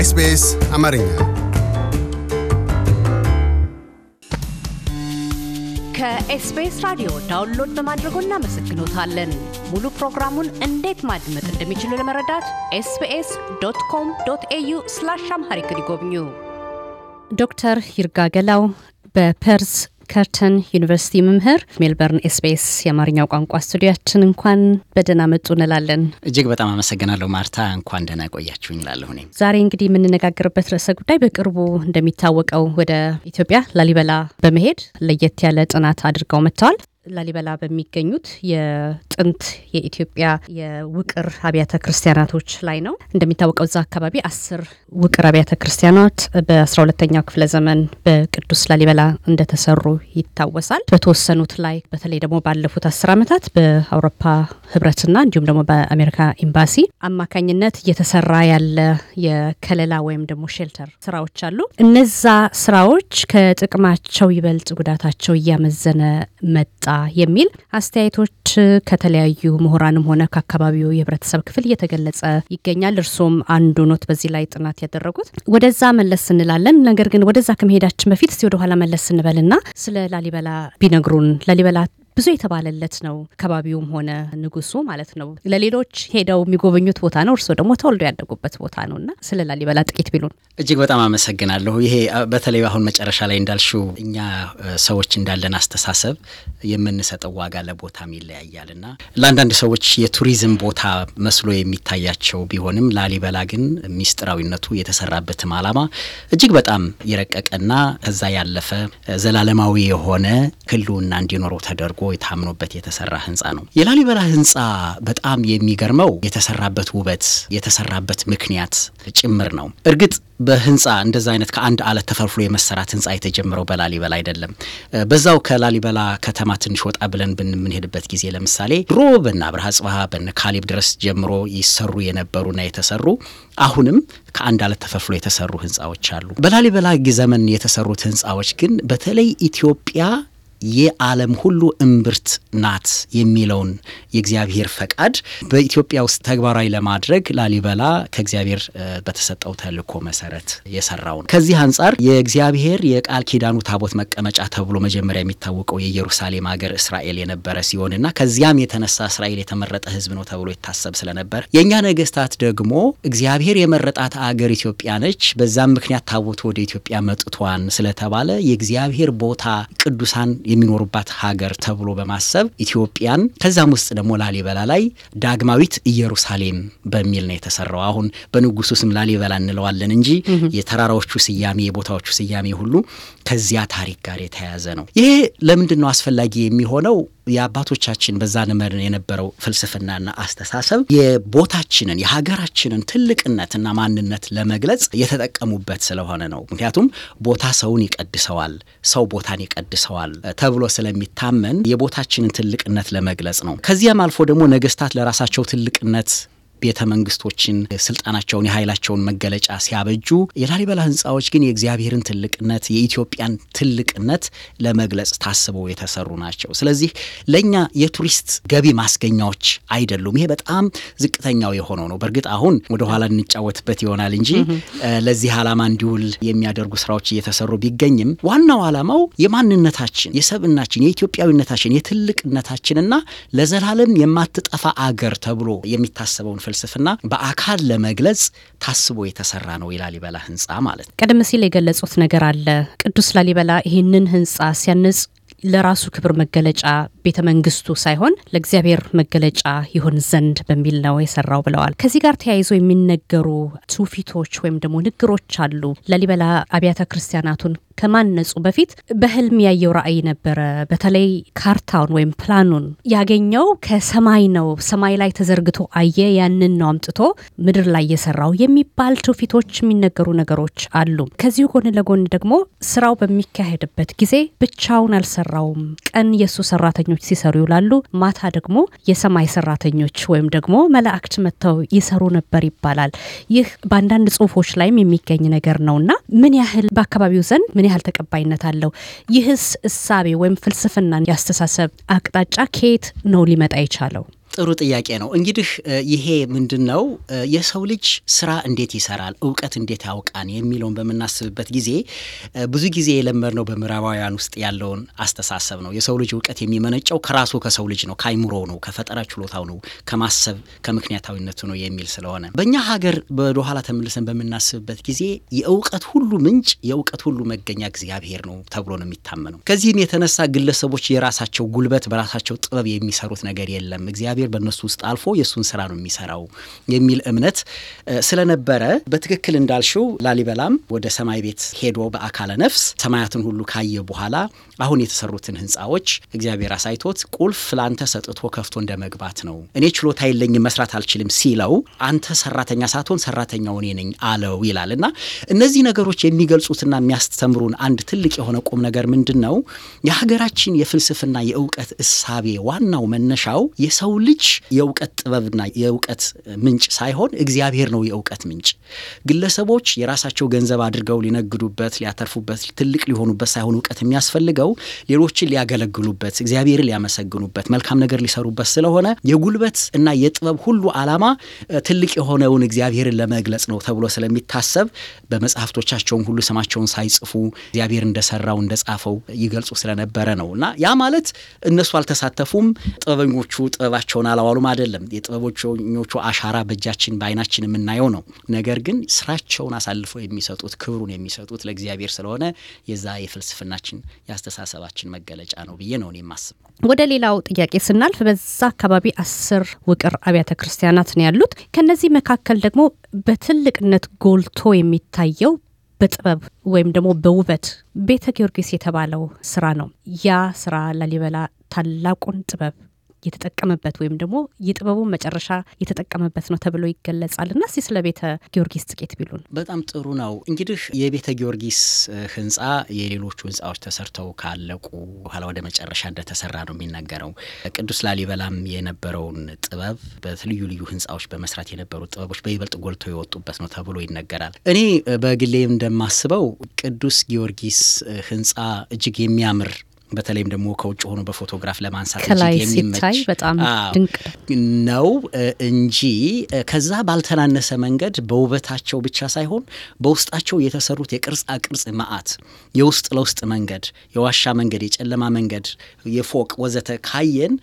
ኤስቢኤስ አማርኛ ከኤስቢኤስ ራዲዮ ዳውንሎድ በማድረጎ እናመሰግኖታለን። ሙሉ ፕሮግራሙን እንዴት ማድመጥ እንደሚችሉ ለመረዳት ኤስቢኤስ ዶት ኮም ዶት ኤዩ ስላሽ አምሃሪክ ይጎብኙ። ዶክተር ይርጋ ገላው ከርተን ዩኒቨርሲቲ መምህር ሜልበርን ኤስቢኤስ የአማርኛው ቋንቋ ስቱዲያችን እንኳን በደህና መጡ እንላለን። እጅግ በጣም አመሰግናለሁ ማርታ፣ እንኳን ደህና ቆያችሁ እንላለሁ። እኔም ዛሬ እንግዲህ የምንነጋገርበት ርዕሰ ጉዳይ በቅርቡ እንደሚታወቀው ወደ ኢትዮጵያ ላሊበላ በመሄድ ለየት ያለ ጥናት አድርገው መጥተዋል። ላሊበላ በሚገኙት የጥንት የኢትዮጵያ የውቅር አብያተ ክርስቲያናቶች ላይ ነው። እንደሚታወቀው እዛ አካባቢ አስር ውቅር አብያተ ክርስቲያናት በአስራ ሁለተኛው ክፍለ ዘመን በቅዱስ ላሊበላ እንደተሰሩ ይታወሳል። በተወሰኑት ላይ በተለይ ደግሞ ባለፉት አስር ዓመታት በአውሮፓ ህብረትና እንዲሁም ደግሞ በአሜሪካ ኤምባሲ አማካኝነት እየተሰራ ያለ የከለላ ወይም ደግሞ ሼልተር ስራዎች አሉ። እነዛ ስራዎች ከጥቅማቸው ይበልጥ ጉዳታቸው እያመዘነ መጣ የሚል አስተያየቶች ከተለያዩ ምሁራንም ሆነ ከአካባቢው የህብረተሰብ ክፍል እየተገለጸ ይገኛል። እርሶም አንዱ ኖት በዚህ ላይ ጥናት ያደረጉት። ወደዛ መለስ እንላለን። ነገር ግን ወደዛ ከመሄዳችን በፊት እስቲ ወደኋላ መለስ እንበልና ስለ ላሊበላ ቢነግሩን። ላሊበላ ብዙ የተባለለት ነው። አካባቢውም ሆነ ንጉሱ ማለት ነው ለሌሎች ሄደው የሚጎበኙት ቦታ ነው። እርስዎ ደግሞ ተወልዶ ያደጉበት ቦታ ነው እና ስለ ላሊበላ ጥቂት ቢሉን። እጅግ በጣም አመሰግናለሁ። ይሄ በተለይ አሁን መጨረሻ ላይ እንዳልሽው እኛ ሰዎች እንዳለን አስተሳሰብ የምንሰጠው ዋጋ ለቦታም ይለያያል እና ለአንዳንድ ሰዎች የቱሪዝም ቦታ መስሎ የሚታያቸው ቢሆንም ላሊበላ ግን ሚስጥራዊነቱ የተሰራበትም ዓላማ እጅግ በጣም የረቀቀና ከዛ ያለፈ ዘላለማዊ የሆነ ሕልውና እንዲኖረው ተደርጎ የታምኖበት የተሰራ ህንፃ ነው። የላሊበላ ህንፃ በጣም የሚገርመው የተሰራበት ውበት የተሰራበት ምክንያት ጭምር ነው። እርግጥ በህንፃ እንደዛ አይነት ከአንድ አለት ተፈልፍሎ የመሰራት ህንፃ የተጀመረው በላሊበላ አይደለም። በዛው ከላሊበላ ከተማ ትንሽ ወጣ ብለን ብንምንሄድበት ጊዜ ለምሳሌ ድሮ በነ አብርሃ በነ ካሌብ ድረስ ጀምሮ ይሰሩ የነበሩና የተሰሩ አሁንም ከአንድ አለት ተፈልፍሎ የተሰሩ ህንፃዎች አሉ። በላሊበላ ዘመን የተሰሩት ህንፃዎች ግን በተለይ ኢትዮጵያ የዓለም ሁሉ እምብርት ናት የሚለውን የእግዚአብሔር ፈቃድ በኢትዮጵያ ውስጥ ተግባራዊ ለማድረግ ላሊበላ ከእግዚአብሔር በተሰጠው ተልእኮ መሰረት የሰራው ነው። ከዚህ አንጻር የእግዚአብሔር የቃል ኪዳኑ ታቦት መቀመጫ ተብሎ መጀመሪያ የሚታወቀው የኢየሩሳሌም ሀገር እስራኤል የነበረ እና ከዚያም የተነሳ እስራኤል የተመረጠ ሕዝብ ነው ተብሎ ይታሰብ ስለነበር የእኛ ነገስታት ደግሞ እግዚአብሔር የመረጣት አገር ኢትዮጵያ ነች፣ በዛም ምክንያት ታቦቱ ወደ ኢትዮጵያ መጥቷን ስለተባለ የእግዚአብሔር ቦታ ቅዱሳን የሚኖሩባት ሀገር ተብሎ በማሰብ ኢትዮጵያን ከዛም ውስጥ ደግሞ ላሊበላ ላይ ዳግማዊት ኢየሩሳሌም በሚል ነው የተሰራው። አሁን በንጉሱ ስም ላሊበላ እንለዋለን እንጂ የተራራዎቹ ስያሜ፣ የቦታዎቹ ስያሜ ሁሉ ከዚያ ታሪክ ጋር የተያያዘ ነው። ይሄ ለምንድን ነው አስፈላጊ የሚሆነው? የአባቶቻችን በዛ ዘመን የነበረው ፍልስፍናና አስተሳሰብ የቦታችንን የሀገራችንን ትልቅነትና ማንነት ለመግለጽ የተጠቀሙበት ስለሆነ ነው። ምክንያቱም ቦታ ሰውን ይቀድሰዋል፣ ሰው ቦታን ይቀድሰዋል ተብሎ ስለሚታመን የቦታችንን ትልቅነት ለመግለጽ ነው። ከዚያም አልፎ ደግሞ ነገስታት ለራሳቸው ትልቅነት ቤተ መንግስቶችን ስልጣናቸውን የኃይላቸውን መገለጫ ሲያበጁ የላሊበላ ህንፃዎች ግን የእግዚአብሔርን ትልቅነት የኢትዮጵያን ትልቅነት ለመግለጽ ታስበው የተሰሩ ናቸው። ስለዚህ ለእኛ የቱሪስት ገቢ ማስገኛዎች አይደሉም። ይሄ በጣም ዝቅተኛው የሆነው ነው። በእርግጥ አሁን ወደኋላ እንጫወትበት ይሆናል እንጂ ለዚህ ዓላማ እንዲውል የሚያደርጉ ስራዎች እየተሰሩ ቢገኝም ዋናው ዓላማው የማንነታችን የሰብናችን የኢትዮጵያዊነታችን የትልቅነታችንና ለዘላለም የማትጠፋ አገር ተብሎ የሚታሰበውን ፍልስፍና በአካል ለመግለጽ ታስቦ የተሰራ ነው የላሊበላ ህንፃ ማለት ነው። ቀደም ሲል የገለጹት ነገር አለ። ቅዱስ ላሊበላ ይህንን ህንፃ ሲያንጽ ለራሱ ክብር መገለጫ ቤተ መንግስቱ ሳይሆን ለእግዚአብሔር መገለጫ ይሆን ዘንድ በሚል ነው የሰራው ብለዋል። ከዚህ ጋር ተያይዞ የሚነገሩ ትውፊቶች ወይም ደግሞ ንግሮች አሉ። ላሊበላ አብያተ ክርስቲያናቱን ከማነጹ በፊት በህልም ያየው ራዕይ ነበረ። በተለይ ካርታውን ወይም ፕላኑን ያገኘው ከሰማይ ነው። ሰማይ ላይ ተዘርግቶ አየ። ያንን ነው አምጥቶ ምድር ላይ የሰራው የሚባል ትውፊቶች የሚነገሩ ነገሮች አሉ። ከዚሁ ጎን ለጎን ደግሞ ስራው በሚካሄድበት ጊዜ ብቻውን አልሰራውም። ቀን የእሱ ሰራተኞች ሲሰሩ ይውላሉ። ማታ ደግሞ የሰማይ ሰራተኞች ወይም ደግሞ መላእክት መጥተው ይሰሩ ነበር ይባላል። ይህ በአንዳንድ ጽሁፎች ላይም የሚገኝ ነገር ነውና ምን ያህል በአካባቢው ዘንድ ምን ያህል ተቀባይነት አለው? ይህስ እሳቤ ወይም ፍልስፍናን ያስተሳሰብ አቅጣጫ ከየት ነው ሊመጣ የቻለው? ጥሩ ጥያቄ ነው። እንግዲህ ይሄ ምንድን ነው የሰው ልጅ ስራ እንዴት ይሰራል፣ እውቀት እንዴት ያውቃን የሚለውን በምናስብበት ጊዜ ብዙ ጊዜ የለመድነው በምዕራባውያን ውስጥ ያለውን አስተሳሰብ ነው። የሰው ልጅ እውቀት የሚመነጨው ከራሱ ከሰው ልጅ ነው፣ ከአይምሮ ነው፣ ከፈጠራ ችሎታው ነው፣ ከማሰብ ከምክንያታዊነቱ ነው የሚል ስለሆነ በእኛ ሀገር ወደኋላ ተመልሰን በምናስብበት ጊዜ የእውቀት ሁሉ ምንጭ የእውቀት ሁሉ መገኛ እግዚአብሔር ነው ተብሎ ነው የሚታመነው። ከዚህም የተነሳ ግለሰቦች የራሳቸው ጉልበት በራሳቸው ጥበብ የሚሰሩት ነገር የለም እግዚአብሔር እግዚአብሔር በእነሱ ውስጥ አልፎ የእሱን ስራ ነው የሚሰራው የሚል እምነት ስለነበረ በትክክል እንዳልሽው ላሊበላም ወደ ሰማይ ቤት ሄዶ በአካለ ነፍስ ሰማያትን ሁሉ ካየ በኋላ አሁን የተሰሩትን ህንፃዎች እግዚአብሔር አሳይቶት ቁልፍ ለአንተ ሰጥቶ ከፍቶ እንደ መግባት ነው። እኔ ችሎታ የለኝም መስራት አልችልም ሲለው አንተ ሰራተኛ ሳትሆን ሰራተኛው እኔ ነኝ አለው ይላል እና እነዚህ ነገሮች የሚገልጹትና የሚያስተምሩን አንድ ትልቅ የሆነ ቁም ነገር ምንድን ነው? የሀገራችን የፍልስፍና የእውቀት እሳቤ ዋናው መነሻው የሰው ልጅ ልጅ የእውቀት ጥበብና የእውቀት ምንጭ ሳይሆን እግዚአብሔር ነው የእውቀት ምንጭ። ግለሰቦች የራሳቸው ገንዘብ አድርገው ሊነግዱበት፣ ሊያተርፉበት፣ ትልቅ ሊሆኑበት ሳይሆን እውቀት የሚያስፈልገው ሌሎችን ሊያገለግሉበት፣ እግዚአብሔርን ሊያመሰግኑበት፣ መልካም ነገር ሊሰሩበት ስለሆነ የጉልበት እና የጥበብ ሁሉ ዓላማ ትልቅ የሆነውን እግዚአብሔርን ለመግለጽ ነው ተብሎ ስለሚታሰብ በመጽሐፍቶቻቸውም ሁሉ ስማቸውን ሳይጽፉ እግዚአብሔር እንደሰራው እንደጻፈው ይገልጹ ስለነበረ ነው እና ያ ማለት እነሱ አልተሳተፉም። ጥበበኞቹ ጥበባቸውን አውለውን አላዋሉም አይደለም። የጥበበኞቹ አሻራ በእጃችን በአይናችን የምናየው ነው። ነገር ግን ስራቸውን አሳልፈው የሚሰጡት ክብሩን የሚሰጡት ለእግዚአብሔር ስለሆነ የዛ የፍልስፍናችን የአስተሳሰባችን መገለጫ ነው ብዬ ነው የማስብ። ወደ ሌላው ጥያቄ ስናልፍ በዛ አካባቢ አስር ውቅር አብያተ ክርስቲያናት ነው ያሉት። ከነዚህ መካከል ደግሞ በትልቅነት ጎልቶ የሚታየው በጥበብ ወይም ደግሞ በውበት ቤተ ጊዮርጊስ የተባለው ስራ ነው። ያ ስራ ላሊበላ ታላቁን ጥበብ የተጠቀመበት ወይም ደግሞ የጥበቡን መጨረሻ የተጠቀመበት ነው ተብሎ ይገለጻል። እና ስለ ቤተ ጊዮርጊስ ጥቂት ቢሉን። በጣም ጥሩ ነው። እንግዲህ የቤተ ጊዮርጊስ ህንፃ የሌሎቹ ህንፃዎች ተሰርተው ካለቁ በኋላ ወደ መጨረሻ እንደተሰራ ነው የሚናገረው። ቅዱስ ላሊበላም የነበረውን ጥበብ በልዩ ልዩ ህንፃዎች በመስራት የነበሩ ጥበቦች በይበልጥ ጎልተው የወጡበት ነው ተብሎ ይነገራል። እኔ በግሌ እንደማስበው ቅዱስ ጊዮርጊስ ህንፃ እጅግ የሚያምር በተለይም ደግሞ ከውጭ ሆኖ በፎቶግራፍ ለማንሳት ከላይ ሲታይ በጣም ድንቅ ነው እንጂ ከዛ ባልተናነሰ መንገድ በውበታቸው ብቻ ሳይሆን በውስጣቸው የተሰሩት የቅርጻ ቅርጽ ማአት የውስጥ ለውስጥ መንገድ፣ የዋሻ መንገድ፣ የጨለማ መንገድ፣ የፎቅ ወዘተ ካየን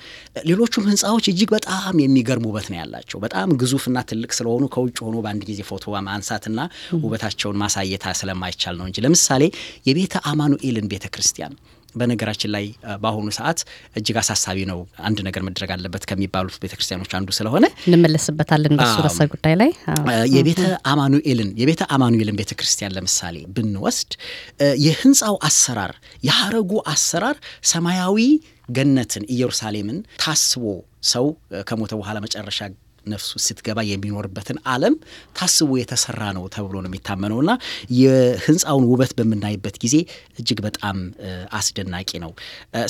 ሌሎቹም ህንፃዎች እጅግ በጣም የሚገርም ውበት ነው ያላቸው። በጣም ግዙፍና ትልቅ ስለሆኑ ከውጭ ሆኖ በአንድ ጊዜ ፎቶ ማንሳትና ውበታቸውን ማሳየት ስለማይቻል ነው እንጂ ለምሳሌ የቤተ አማኑኤልን ቤተ ክርስቲያን በነገራችን ላይ በአሁኑ ሰዓት እጅግ አሳሳቢ ነው። አንድ ነገር መደረግ አለበት ከሚባሉት ቤተክርስቲያኖች አንዱ ስለሆነ እንመለስበታለን በሱ ረሰ ጉዳይ ላይ የቤተ አማኑኤልን የቤተ አማኑኤልን ቤተክርስቲያን ለምሳሌ ብንወስድ የህንፃው አሰራር የሐረጉ አሰራር ሰማያዊ ገነትን ኢየሩሳሌምን ታስቦ ሰው ከሞተ በኋላ መጨረሻ ነፍሱ ስትገባ የሚኖርበትን ዓለም ታስቦ የተሰራ ነው ተብሎ ነው የሚታመነው እና የህንፃውን ውበት በምናይበት ጊዜ እጅግ በጣም አስደናቂ ነው።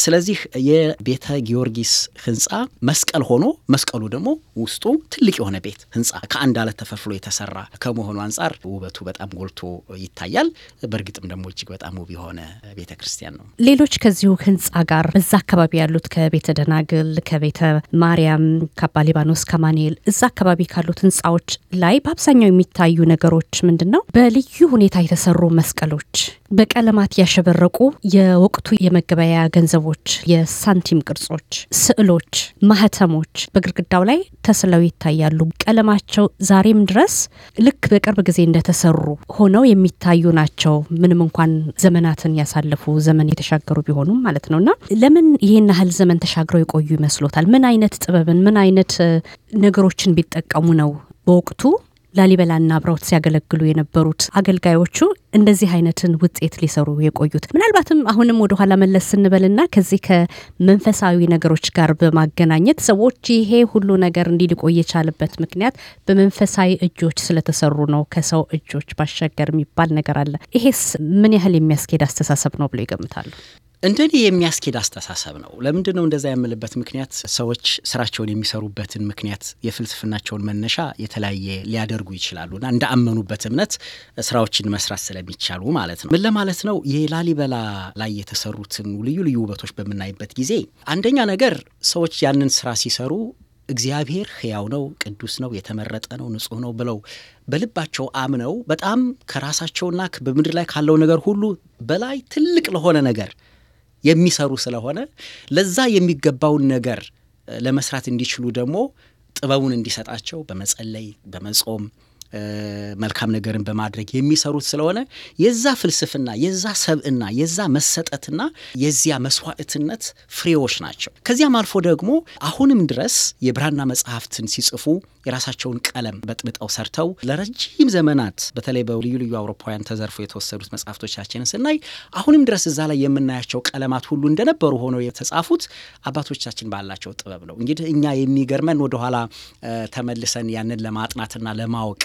ስለዚህ የቤተ ጊዮርጊስ ህንፃ መስቀል ሆኖ መስቀሉ ደግሞ ውስጡ ትልቅ የሆነ ቤት ህንፃ ከአንድ አለት ተፈልፍሎ የተሰራ ከመሆኑ አንጻር ውበቱ በጣም ጎልቶ ይታያል። በእርግጥም ደግሞ እጅግ በጣም ውብ የሆነ ቤተ ክርስቲያን ነው። ሌሎች ከዚሁ ህንፃ ጋር እዛ አካባቢ ያሉት ከቤተ ደናግል፣ ከቤተ ማርያም፣ ከአባ ሊባኖስ፣ ከማንኤል እዛ አካባቢ ካሉት ህንፃዎች ላይ በአብዛኛው የሚታዩ ነገሮች ምንድን ነው? በልዩ ሁኔታ የተሰሩ መስቀሎች በቀለማት ያሸበረቁ የወቅቱ የመገበያያ ገንዘቦች፣ የሳንቲም ቅርጾች፣ ስዕሎች፣ ማህተሞች በግድግዳው ላይ ተስለው ይታያሉ። ቀለማቸው ዛሬም ድረስ ልክ በቅርብ ጊዜ እንደተሰሩ ሆነው የሚታዩ ናቸው። ምንም እንኳን ዘመናትን ያሳለፉ ዘመን የተሻገሩ ቢሆኑም ማለት ነው እና ለምን ይህን ያህል ዘመን ተሻግረው የቆዩ ይመስሎታል? ምን አይነት ጥበብን ምን አይነት ነገሮችን ቢጠቀሙ ነው በወቅቱ ላሊበላና አብረውት ሲያገለግሉ የነበሩት አገልጋዮቹ እንደዚህ አይነትን ውጤት ሊሰሩ የቆዩት ምናልባትም አሁንም ወደኋላ መለስ ስንበልና ከዚህ ከመንፈሳዊ ነገሮች ጋር በማገናኘት ሰዎች ይሄ ሁሉ ነገር እንዲህ ሊቆይ የቻለበት ምክንያት በመንፈሳዊ እጆች ስለተሰሩ ነው፣ ከሰው እጆች ባሻገር የሚባል ነገር አለ። ይሄስ ምን ያህል የሚያስኬድ አስተሳሰብ ነው ብሎ ይገምታሉ? እንደኔ የሚያስኬድ አስተሳሰብ ነው። ለምንድን ነው እንደዛ የምልበት ምክንያት ሰዎች ስራቸውን የሚሰሩበትን ምክንያት የፍልስፍናቸውን መነሻ የተለያየ ሊያደርጉ ይችላሉና እንደ አመኑበት እምነት ስራዎችን መስራት ስለሚቻሉ ማለት ነው። ምን ለማለት ነው? የላሊበላ ላይ የተሰሩትን ልዩ ልዩ ውበቶች በምናይበት ጊዜ አንደኛ ነገር ሰዎች ያንን ስራ ሲሰሩ እግዚአብሔር ሕያው ነው፣ ቅዱስ ነው፣ የተመረጠ ነው፣ ንጹህ ነው ብለው በልባቸው አምነው በጣም ከራሳቸውና በምድር ላይ ካለው ነገር ሁሉ በላይ ትልቅ ለሆነ ነገር የሚሰሩ ስለሆነ ለዛ የሚገባውን ነገር ለመስራት እንዲችሉ ደግሞ ጥበቡን እንዲሰጣቸው በመጸለይ በመጾም መልካም ነገርን በማድረግ የሚሰሩት ስለሆነ የዛ ፍልስፍና የዛ ሰብእና የዛ መሰጠትና የዚያ መስዋዕትነት ፍሬዎች ናቸው። ከዚያም አልፎ ደግሞ አሁንም ድረስ የብራና መጽሐፍትን ሲጽፉ የራሳቸውን ቀለም በጥብጠው ሰርተው ለረጅም ዘመናት በተለይ በልዩ ልዩ አውሮፓውያን ተዘርፎ የተወሰዱት መጽሐፍቶቻችንን ስናይ አሁንም ድረስ እዛ ላይ የምናያቸው ቀለማት ሁሉ እንደነበሩ ሆነው የተጻፉት አባቶቻችን ባላቸው ጥበብ ነው። እንግዲህ እኛ የሚገርመን ወደኋላ ተመልሰን ያንን ለማጥናትና ለማወቅ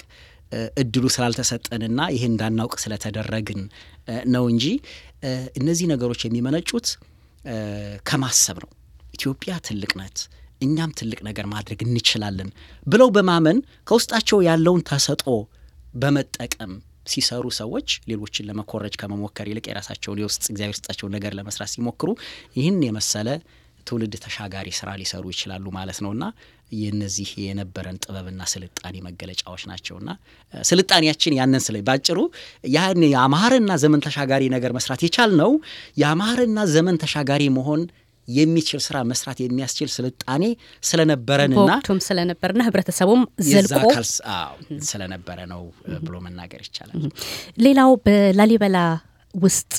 እድሉ ስላልተሰጠንና ይሄ እንዳናውቅ ስለተደረግን ነው እንጂ እነዚህ ነገሮች የሚመነጩት ከማሰብ ነው። ኢትዮጵያ ትልቅ ናት፣ እኛም ትልቅ ነገር ማድረግ እንችላለን ብለው በማመን ከውስጣቸው ያለውን ተሰጥኦ በመጠቀም ሲሰሩ ሰዎች ሌሎችን ለመኮረጅ ከመሞከር ይልቅ የራሳቸውን የውስጥ እግዚአብሔር ስጣቸውን ነገር ለመስራት ሲሞክሩ ይህን የመሰለ ትውልድ ተሻጋሪ ስራ ሊሰሩ ይችላሉ ማለት ነውና የነዚህ የነበረን ጥበብና ስልጣኔ መገለጫዎች ናቸውና ስልጣኔያችን ያንን ስለ ባጭሩ ያን የአማርና ዘመን ተሻጋሪ ነገር መስራት የቻልነው የአማርና ዘመን ተሻጋሪ መሆን የሚችል ስራ መስራት የሚያስችል ስልጣኔ ስለነበረንና ወቅቱም ስለነበርና ህብረተሰቡም ዘልቆ ስለነበረ ነው ብሎ መናገር ይቻላል። ሌላው በላሊበላ ውስጥ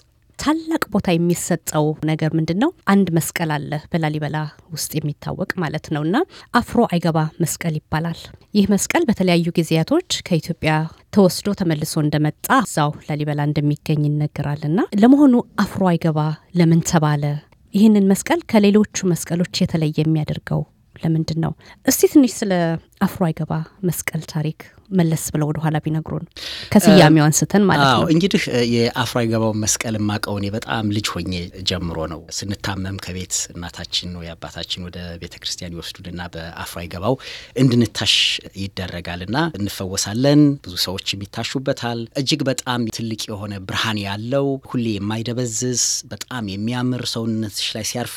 ታላቅ ቦታ የሚሰጠው ነገር ምንድን ነው? አንድ መስቀል አለ በላሊበላ ውስጥ የሚታወቅ ማለት ነው እና አፍሮ አይገባ መስቀል ይባላል። ይህ መስቀል በተለያዩ ጊዜያቶች ከኢትዮጵያ ተወስዶ ተመልሶ እንደመጣ እዛው ላሊበላ እንደሚገኝ ይነገራል። እና ለመሆኑ አፍሮ አይገባ ለምን ተባለ? ይህንን መስቀል ከሌሎቹ መስቀሎች የተለየ የሚያደርገው ለምንድን ነው? እስቲ ትንሽ ስለ አፍሮ አይገባ መስቀል ታሪክ መለስ ብለው ወደ ኋላ ቢነግሩን ከስያሜው አንስተን ማለት ነው። እንግዲህ የአፍሮ አይገባው መስቀል ማቀው እኔ በጣም ልጅ ሆኜ ጀምሮ ነው። ስንታመም ከቤት እናታችን ወይ አባታችን ወደ ቤተ ክርስቲያን ይወስዱንና በአፍሮ አይገባው እንድንታሽ ይደረጋልና እንፈወሳለን። ብዙ ሰዎችም ይታሹበታል። እጅግ በጣም ትልቅ የሆነ ብርሃን ያለው ሁሌ የማይደበዝዝ በጣም የሚያምር ሰውነትሽ ላይ ሲያርፍ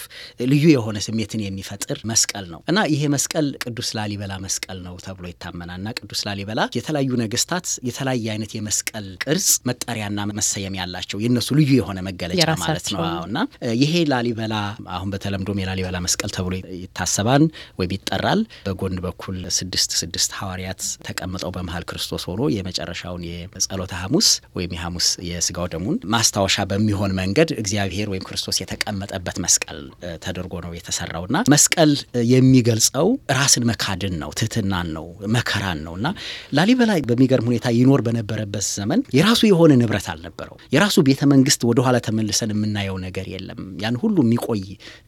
ልዩ የሆነ ስሜትን የሚፈጥር መስቀል ነው እና ይሄ መስቀል ቅዱስ ላሊበላ መስቀል መስቀል ነው ተብሎ ይታመናልና ቅዱስ ላሊበላ የተለያዩ ነገስታት የተለያየ አይነት የመስቀል ቅርጽ መጠሪያና መሰየም ያላቸው የእነሱ ልዩ የሆነ መገለጫ ማለት ነው እና ይሄ ላሊበላ አሁን በተለምዶም የላሊበላ መስቀል ተብሎ ይታሰባል ወይም ይጠራል። በጎን በኩል ስድስት ስድስት ሐዋርያት ተቀምጠው በመሀል ክርስቶስ ሆኖ የመጨረሻውን የጸሎተ ሐሙስ ወይም የሐሙስ የስጋው ደሙን ማስታወሻ በሚሆን መንገድ እግዚአብሔር ወይም ክርስቶስ የተቀመጠበት መስቀል ተደርጎ ነው የተሰራውና መስቀል የሚገልጸው ራስን መካድን ነው ትህት ትህትናን ነው፣ መከራን ነው እና ላሊበላ በሚገርም ሁኔታ ይኖር በነበረበት ዘመን የራሱ የሆነ ንብረት አልነበረው። የራሱ ቤተ መንግስት ወደኋላ ተመልሰን የምናየው ነገር የለም። ያን ሁሉ የሚቆይ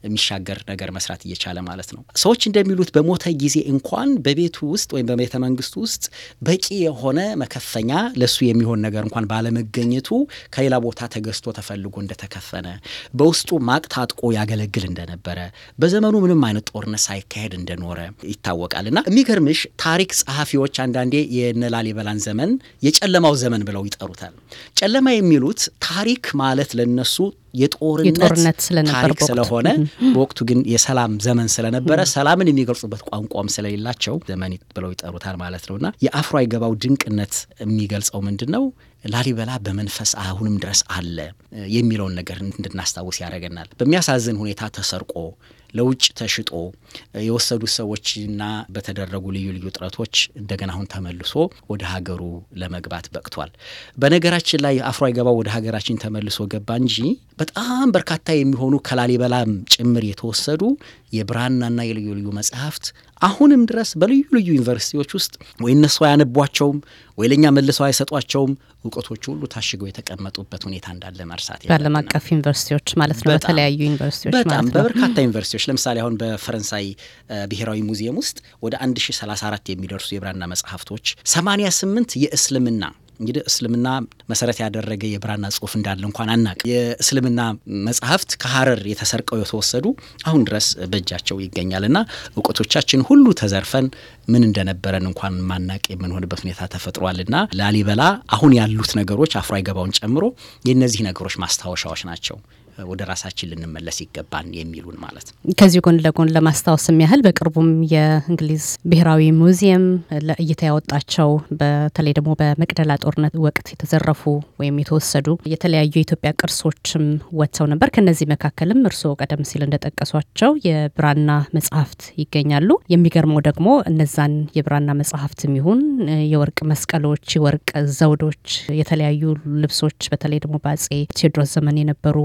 የሚሻገር ነገር መስራት እየቻለ ማለት ነው። ሰዎች እንደሚሉት በሞተ ጊዜ እንኳን በቤቱ ውስጥ ወይም በቤተ መንግስቱ ውስጥ በቂ የሆነ መከፈኛ ለሱ የሚሆን ነገር እንኳን ባለመገኘቱ ከሌላ ቦታ ተገዝቶ ተፈልጎ እንደተከፈነ በውስጡ ማቅ ታጥቆ ያገለግል እንደነበረ በዘመኑ ምንም አይነት ጦርነት ሳይካሄድ እንደኖረ ይታወቃል እና የሚገርም የሚገርምሽ ታሪክ ጸሐፊዎች አንዳንዴ የነላሊበላን ዘመን የጨለማው ዘመን ብለው ይጠሩታል። ጨለማ የሚሉት ታሪክ ማለት ለነሱ የጦርነት ታሪክ ስለሆነ በወቅቱ ግን የሰላም ዘመን ስለነበረ ሰላምን የሚገልጹበት ቋንቋም ስለሌላቸው ዘመን ብለው ይጠሩታል ማለት ነው እና የአፍሮ አይገባው ድንቅነት የሚገልጸው ምንድን ነው? ላሊበላ በመንፈስ አሁንም ድረስ አለ የሚለውን ነገር እንድናስታውስ ያደርገናል። በሚያሳዝን ሁኔታ ተሰርቆ ለውጭ ተሽጦ የወሰዱ ሰዎችና በተደረጉ ልዩ ልዩ ጥረቶች እንደገና አሁን ተመልሶ ወደ ሀገሩ ለመግባት በቅቷል። በነገራችን ላይ አፍሮ አይገባው ወደ ሀገራችን ተመልሶ ገባ እንጂ በጣም በርካታ የሚሆኑ ከላሊበላም ጭምር የተወሰዱ የብራናና የልዩ ልዩ መጽሐፍት አሁንም ድረስ በልዩ ልዩ ዩኒቨርሲቲዎች ውስጥ ወይ እነሱ አያነቧቸውም ወይ ለእኛ መልሰው አይሰጧቸውም። እውቀቶቹ ሁሉ ታሽገው የተቀመጡበት ሁኔታ እንዳለ መርሳት በዓለም አቀፍ ዩኒቨርሲቲዎች ማለት ነው። በተለያዩ ዩኒቨርሲቲዎች በጣም በበርካታ ዩኒቨርሲቲዎች ለምሳሌ አሁን በፈረንሳይ ብሔራዊ ሙዚየም ውስጥ ወደ 1034 የሚደርሱ የብራና መጽሐፍቶች 88 የእስልምና እንግዲህ እስልምና መሰረት ያደረገ የብራና ጽሁፍ እንዳለ እንኳን አናቅ። የእስልምና መጽሐፍት ከሀረር የተሰርቀው የተወሰዱ አሁን ድረስ በእጃቸው እና እውቀቶቻችን ሁሉ ተዘርፈን ምን እንደነበረን እንኳን ማናቅ የምንሆንበት ሁኔታ ተፈጥሯልና ላሊበላ አሁን ያሉት ነገሮች አፍሮ አይገባውን ጨምሮ የእነዚህ ነገሮች ማስታወሻዎች ናቸው። ወደ ራሳችን ልንመለስ ይገባን የሚሉን ማለት ነው። ከዚህ ጎን ለጎን ለማስታወስም ያህል በቅርቡም የእንግሊዝ ብሔራዊ ሙዚየም ለእይታ ያወጣቸው በተለይ ደግሞ በመቅደላ ጦርነት ወቅት የተዘረፉ ወይም የተወሰዱ የተለያዩ የኢትዮጵያ ቅርሶችም ወጥተው ነበር። ከነዚህ መካከልም እርስዎ ቀደም ሲል እንደጠቀሷቸው የብራና መጽሐፍት ይገኛሉ። የሚገርመው ደግሞ እነዛን የብራና መጽሐፍትም ይሁን የወርቅ መስቀሎች፣ የወርቅ ዘውዶች፣ የተለያዩ ልብሶች በተለይ ደግሞ በአጼ ቴዎድሮስ ዘመን የነበሩ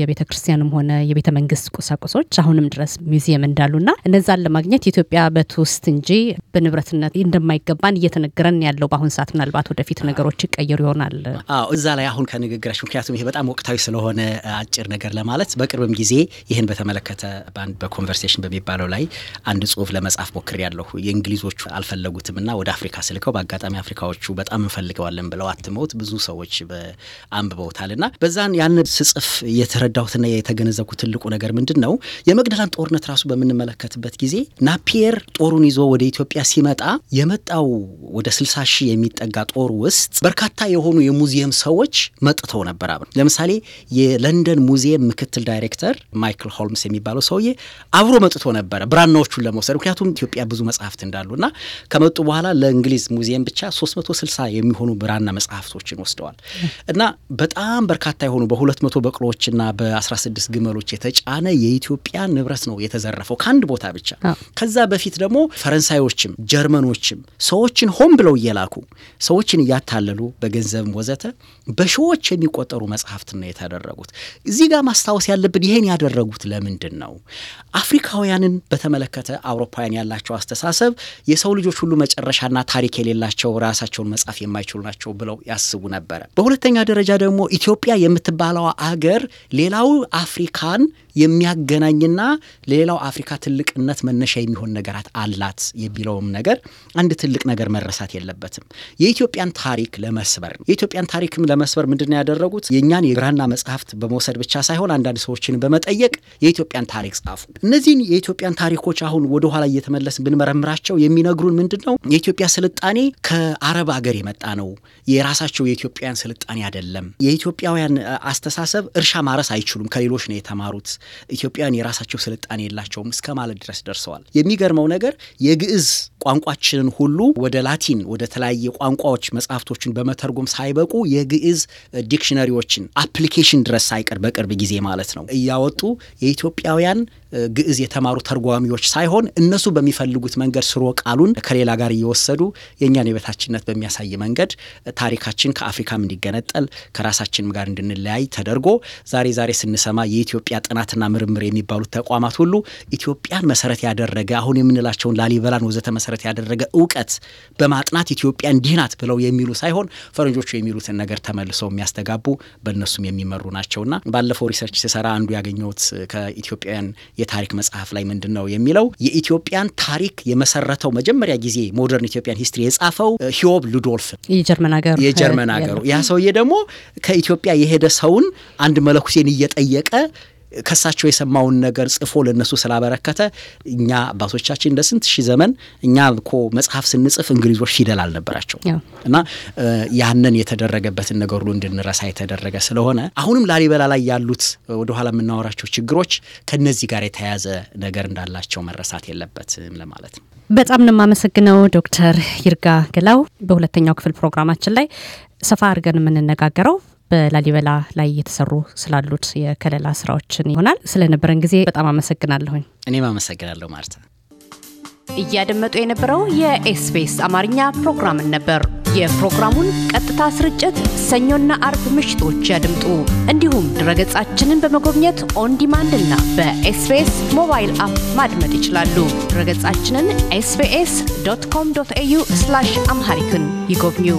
የቤተ ክርስቲያንም ሆነ የቤተ መንግስት ቁሳቁሶች አሁንም ድረስ ሚዚየም እንዳሉና እነዛን ለማግኘት ኢትዮጵያ በትውስት እንጂ በንብረትነት እንደማይገባን እየተነገረን ያለው በአሁን ሰዓት ምናልባት ወደፊት ነገሮች ይቀየሩ ይሆናል። አዎ እዛ ላይ አሁን ከንግግራች ምክንያቱም ይሄ በጣም ወቅታዊ ስለሆነ አጭር ነገር ለማለት በቅርብም ጊዜ ይህን በተመለከተ በአንድ በኮንቨርሴሽን በሚባለው ላይ አንድ ጽሁፍ ለመጻፍ ሞክር ያለሁ የእንግሊዞቹ አልፈለጉትም እና ወደ አፍሪካ ስልከው በአጋጣሚ አፍሪካዎቹ በጣም እንፈልገዋለን ብለው አትመውት ብዙ ሰዎች አንብበውታል እና በዛን ያን ስጽፍ የተረ የተረዳሁትና የተገነዘብኩ ትልቁ ነገር ምንድን ነው የመግደላን ጦርነት ራሱ በምንመለከትበት ጊዜ ናፒየር ጦሩን ይዞ ወደ ኢትዮጵያ ሲመጣ የመጣው ወደ ስልሳ ሺህ የሚጠጋ ጦር ውስጥ በርካታ የሆኑ የሙዚየም ሰዎች መጥተው ነበር። አብረን ለምሳሌ የለንደን ሙዚየም ምክትል ዳይሬክተር ማይክል ሆልምስ የሚባለው ሰውዬ አብሮ መጥቶ ነበረ ብራናዎቹን ለመውሰድ ምክንያቱም ኢትዮጵያ ብዙ መጽሐፍት እና ከመጡ በኋላ ለእንግሊዝ ሙዚየም ብቻ 360 የሚሆኑ ብራና መጽሐፍቶችን ወስደዋል እና በጣም በርካታ የሆኑ በሁለት መቶ በቅሎዎችና በ16 ግመሎች የተጫነ የኢትዮጵያ ንብረት ነው የተዘረፈው ከአንድ ቦታ ብቻ። ከዛ በፊት ደግሞ ፈረንሳዮችም ጀርመኖችም ሰዎችን ሆን ብለው እየላኩ ሰዎችን እያታለሉ በገንዘብም ወዘተ በሺዎች የሚቆጠሩ መጽሐፍት ነው የተደረጉት። እዚህ ጋር ማስታወስ ያለብን ይሄን ያደረጉት ለምንድን ነው? አፍሪካውያንን በተመለከተ አውሮፓውያን ያላቸው አስተሳሰብ የሰው ልጆች ሁሉ መጨረሻና ታሪክ የሌላቸው ራሳቸውን መጻፍ የማይችሉ ናቸው ብለው ያስቡ ነበረ። በሁለተኛ ደረጃ ደግሞ ኢትዮጵያ የምትባለው አገር ሌላው አፍሪካን የሚያገናኝና ሌላው አፍሪካ ትልቅነት መነሻ የሚሆን ነገራት አላት የሚለውም ነገር አንድ ትልቅ ነገር መረሳት የለበትም። የኢትዮጵያን ታሪክ ለመስበር የኢትዮጵያን ታሪክም ለመስበር ምንድን ያደረጉት? የእኛን የብራና መጽሐፍት በመውሰድ ብቻ ሳይሆን አንዳንድ ሰዎችን በመጠየቅ የኢትዮጵያን ታሪክ ጻፉ። እነዚህን የኢትዮጵያን ታሪኮች አሁን ወደኋላ እየተመለስን ብንመረምራቸው የሚነግሩን ምንድን ነው? የኢትዮጵያ ስልጣኔ ከአረብ ሀገር የመጣ ነው። የራሳቸው የኢትዮጵያን ስልጣኔ አይደለም። የኢትዮጵያውያን አስተሳሰብ እርሻ ማረስ አይችሉም፣ ከሌሎች ነው የተማሩት። ኢትዮጵያን የራሳቸው ስልጣኔ የላቸውም እስከ ማለት ድረስ ደርሰዋል። የሚገርመው ነገር የግዕዝ ቋንቋችንን ሁሉ ወደ ላቲን ወደ ተለያየ ቋንቋዎች መጽሐፍቶችን በመተርጎም ሳይበቁ የግዕዝ ዲክሽነሪዎችን አፕሊኬሽን ድረስ ሳይቀር በቅርብ ጊዜ ማለት ነው እያወጡ የኢትዮጵያውያን ግዕዝ የተማሩ ተርጓሚዎች ሳይሆን እነሱ በሚፈልጉት መንገድ ስሮ ቃሉን ከሌላ ጋር እየወሰዱ የእኛን የበታችነት በሚያሳይ መንገድ ታሪካችን ከአፍሪካም እንዲገነጠል ከራሳችንም ጋር እንድንለያይ ተደርጎ ዛሬ ዛሬ ስንሰማ የኢትዮጵያ ጥናትና ምርምር የሚባሉት ተቋማት ሁሉ ኢትዮጵያን መሰረት ያደረገ አሁን የምንላቸውን ላሊበላን ወዘተ መሰረት ያደረገ እውቀት በማጥናት ኢትዮጵያ እንዲህ ናት ብለው የሚሉ ሳይሆን ፈረንጆቹ የሚሉትን ነገር ተመልሰው የሚያስተጋቡ በእነሱም የሚመሩ ናቸውና ባለፈው ሪሰርች ስሰራ አንዱ ያገኘሁት ከኢትዮጵያውያን የታሪክ መጽሐፍ ላይ ምንድን ነው የሚለው የኢትዮጵያን ታሪክ የመሰረተው መጀመሪያ ጊዜ ሞደርን ኢትዮጵያን ሂስትሪ የጻፈው ሂዮብ ሉዶልፍ የጀርመን ሀገሩ ያ ሰውዬ ደግሞ ከኢትዮጵያ የሄደ ሰውን አንድ መለኩሴን እየጠየቀ ከሳቸው የሰማውን ነገር ጽፎ ለነሱ ስላበረከተ እኛ አባቶቻችን እንደ ስንት ሺህ ዘመን እኛ እኮ መጽሐፍ ስንጽፍ እንግሊዞች ፊደል አልነበራቸው እና ያንን የተደረገበትን ነገር ሁሉ እንድንረሳ የተደረገ ስለሆነ አሁንም ላሊበላ ላይ ያሉት ወደኋላ የምናወራቸው ችግሮች ከነዚህ ጋር የተያያዘ ነገር እንዳላቸው መረሳት የለበትም ለማለት ነው። በጣም ነው የማመሰግነው ዶክተር ይርጋ ገላው። በሁለተኛው ክፍል ፕሮግራማችን ላይ ሰፋ አድርገን የምንነጋገረው በላሊበላ ላይ እየተሰሩ ስላሉት የከለላ ስራዎችን ይሆናል። ስለነበረን ጊዜ በጣም አመሰግናለሁኝ። እኔም አመሰግናለሁ ማርታ። እያደመጡ የነበረው የኤስቢኤስ አማርኛ ፕሮግራምን ነበር። የፕሮግራሙን ቀጥታ ስርጭት ሰኞና አርብ ምሽቶች ያድምጡ። እንዲሁም ድረገጻችንን በመጎብኘት ኦን ዲማንድ እና በኤስቢኤስ ሞባይል አፕ ማድመጥ ይችላሉ። ድረገጻችንን ኤስቢኤስ ዶት ኮም ዶት ኤዩ አምሃሪክን ይጎብኙ።